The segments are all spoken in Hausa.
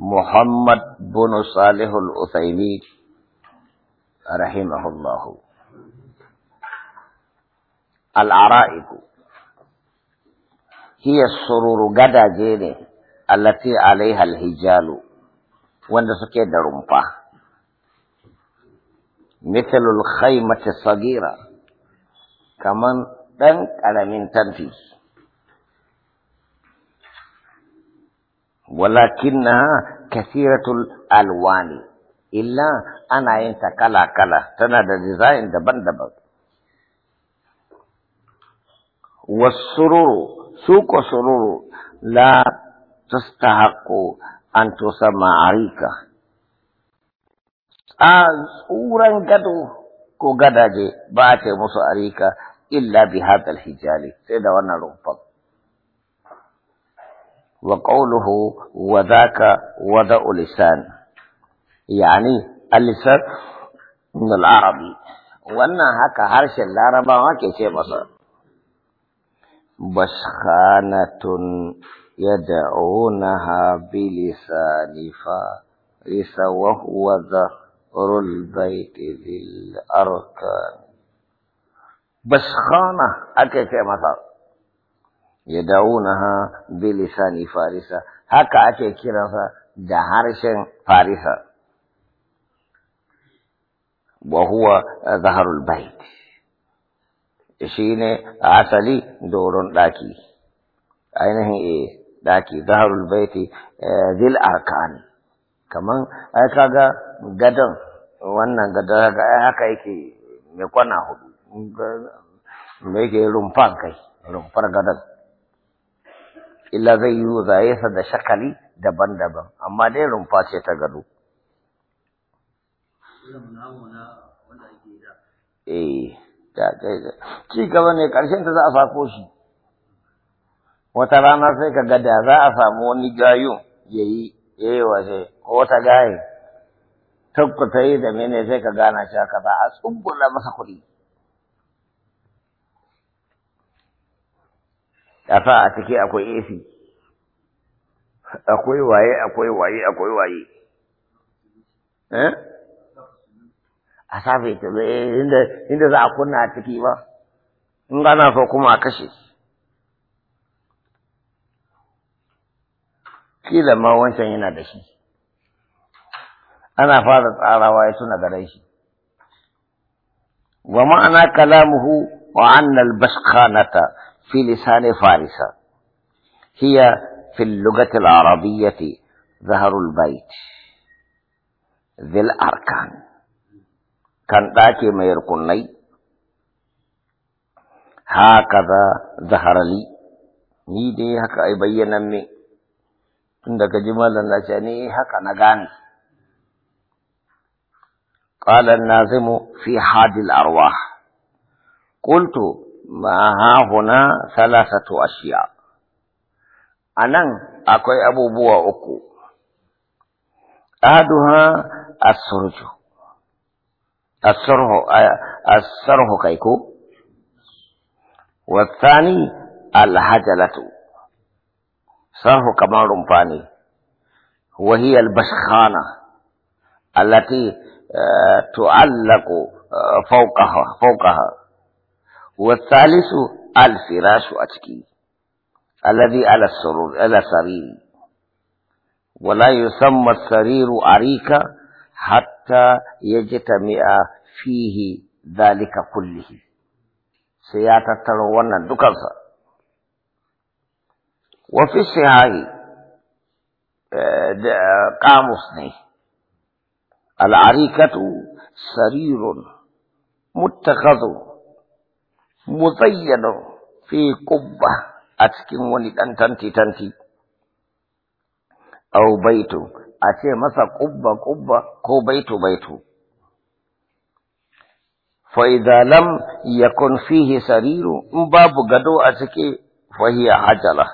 محمد بن صالح الأثيمي رحمه الله العرائق هي السرور غدا جيني التي عليها الهجال وندسك درمبا مثل الخيمة الصغيرة كمان تنك على من تنفيذ walakinna kasiratul alwani illa ana yin ta kala-kala tana da design daban-daban wasururu su ko sururu la tusta haƙo an tusa ma'arika a tsuran gado ko gadaje ba a musu arika illa bi hadal hijali sai da wannan rumfa وقوله وذاك وضع لسان يعني اللسان من العربي وانا هكا هرش العرب وكيسي بصر بشخانة يدعونها بلسان فارس وهو ظهر البيت الأركان بشخانة أكيسي بصر ya dawo na ha bilisani farisa haka ake kiransa da harshen farisa wa huwa zaharul bait shi ne asali doron daki ainihin eh daki zaharul baiti eh, zil arkani kaman ai kaga gadon wannan gada haka yake mai kwana hudu da yake rumfan kai rumfar gadon illa zai yi zaye sa da shakali daban-daban amma dai rumfa ce ta gado eh ci gaba ne ƙarshen ta za a sako shi wata rana sai ka ga za a samu wani gayu ya yi yawa sai ko wata gaye tabbata yi da mene sai ka gana shi ka ba a tsumbula masa kuɗi a a ciki akwai AC akwai waye akwai waye akwai waye eh a safe ta eh, inda inda za a kunna a ciki ba in gana so kuma a kashe kila ma wancan yana da shi ana fara tsarawa ya suna gare shi wa ma'ana kalamuhu wa annal baskanata في لسان فارس هي في اللغة العربية ظهر البيت ذي الأركان كان تاكي ما يركن هكذا ظهر لي نيدي هكا haka ai عندك جمال tun هكا نغاني قال الناظم في حاد الأرواح قلت ها هنا ثلاثة أشياء أنا أكوي أبو بوا أكو أحدها السرج السره السره كيكو والثاني الهجلة سره كما رمباني وهي البشخانة التي آه، تعلق آه، فوقها فوقها والثالث الفراش أتكي الذي على السرور على سرير ولا يسمى السرير أريكا حتى يجتمع فيه ذلك كله سيات ترونا دكسا وفي الصحاح آه، قاموس نه العريكة سرير متخذ مزين في قبة أتكين وني تنتي تنتي أو بيتو أتي مثلا قبة قبة كو بيتو بيتو فإذا لم يكن فيه سرير باب قدو أتكي فهي عجلة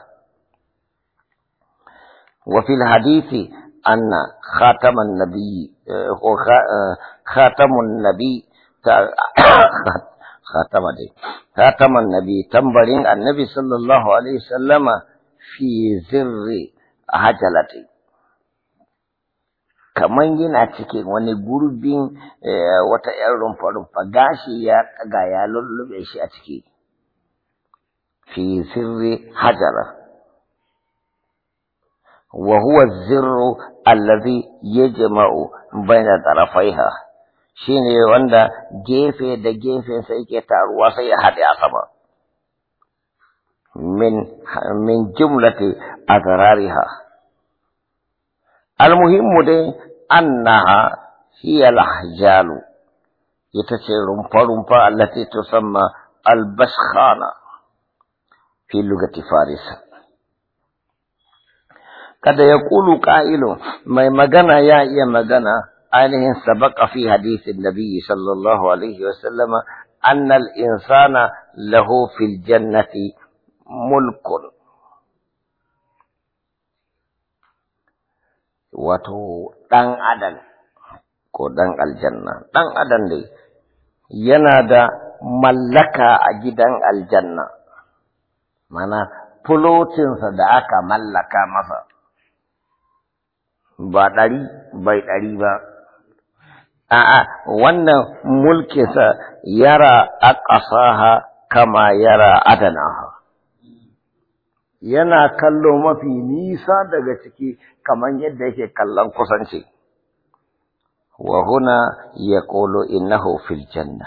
وفي الحديث أن خاتم النبي آه، آه، خاتم النبي khatama dai khataman nabi tambarin annabi sallallahu alaihi sallama fi zirri hajalati kaman yana cikin wani gurbin eh, wata yar rumfa rumfa gashi ya ɗaga ya lullube shi a ciki fi sirri hajara وهو الزر الذي يجمع بين ɗarafaiha. shine wanda gefe da gefe sai ke taruwa sai ya hada sama min min jumlati azrariha almuhimmu dai annaha hiya alhajalu ita ce rumfa-rumfa allati tusamma albashkhana fi lugati farisa kada yaqulu qa'ilu mai magana ya iya magana عليه سبق في حديث النبي صلى الله عليه وسلم أن الإنسان له في الجنة ملك وتو تن أدن كو دان الجنة تن أدن لي ينادى ملكا أجدان الجنة مانا فلوتين صدعك ملكا مثلا ba dari bai dari ba a'a wannan mulkinsa yara aqasaha kama yara adana. yana kallo mafi nisa daga ciki kamar yadda yake kallon kusanci wa huna yaqulu innahu fil janna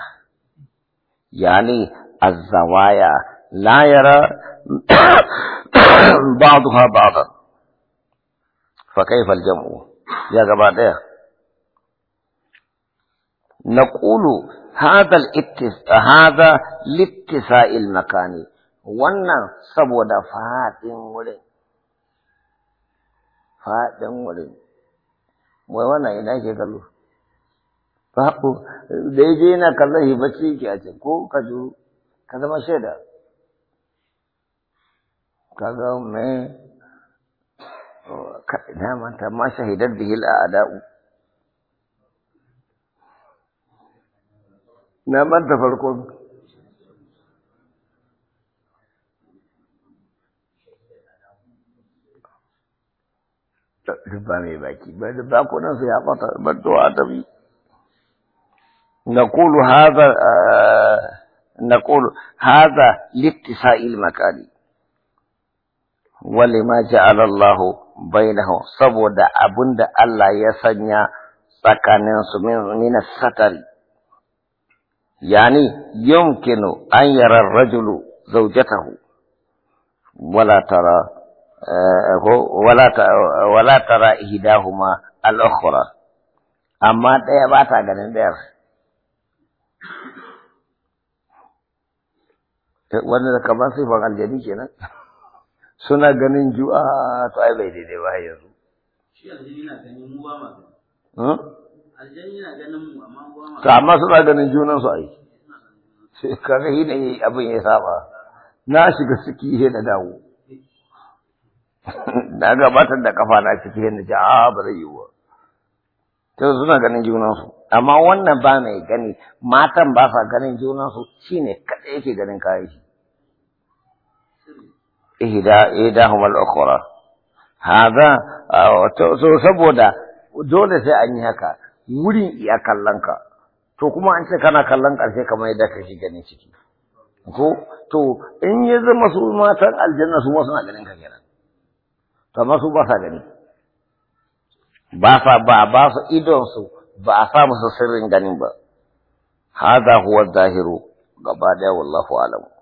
yani az-zawaya la yara ba ba'dan fa kayfa jamu ya gaba ɗaya. نقول هذا الاتس... هذا لاتساع المكان wannan saboda faɗin wurin faɗin wurin wai wannan ina ke kallo babu da ya je yana kallon shi bacci yake a ce ko ka ju ka zama shaida kaga mai ka ina manta ma shahidar bihil a'da'u نعم أنت فرقون سبحانه باكي بعد باكونا سياقة بدعاء تبي نقول هذا نقول هذا لاتساء المكان ولما جعل الله بينه صبودا أبند الله يسنى سكان من السطر Yani يمكن أن يرى الرجل زوجته ولا ترى ولا ولا ترى إحداهما الأخرى ɗaya ba ta ganin ɗayar wanda da kamar sifan aljani kenan suna ganin ju'a to ai bai daidai ba yanzu to amma suna ganin junansu ai sai kaga shi ne abin ya saba na shiga ciki he da dawo na gabatar da kafa na ciki he na ce a ba zai yi wa to suna ganin junansu amma wannan ba mai gani matan ba sa ganin junansu shine kada yake ganin kai shi ihda ihdahum al-ukhra hada ah, to saboda dole sai an yi haka wurin iya kallon ka to kuma an ce kana kallon ƙarshe kamar yadda kake ganin ciki ko to in ya zama su matan aljanna su ma suna ganin ka kenan to amma su ba sa gani ba sa ba ba su idon su ba a sa musu sirrin ganin ba hada huwa zahiru gaba daya wallahu alamu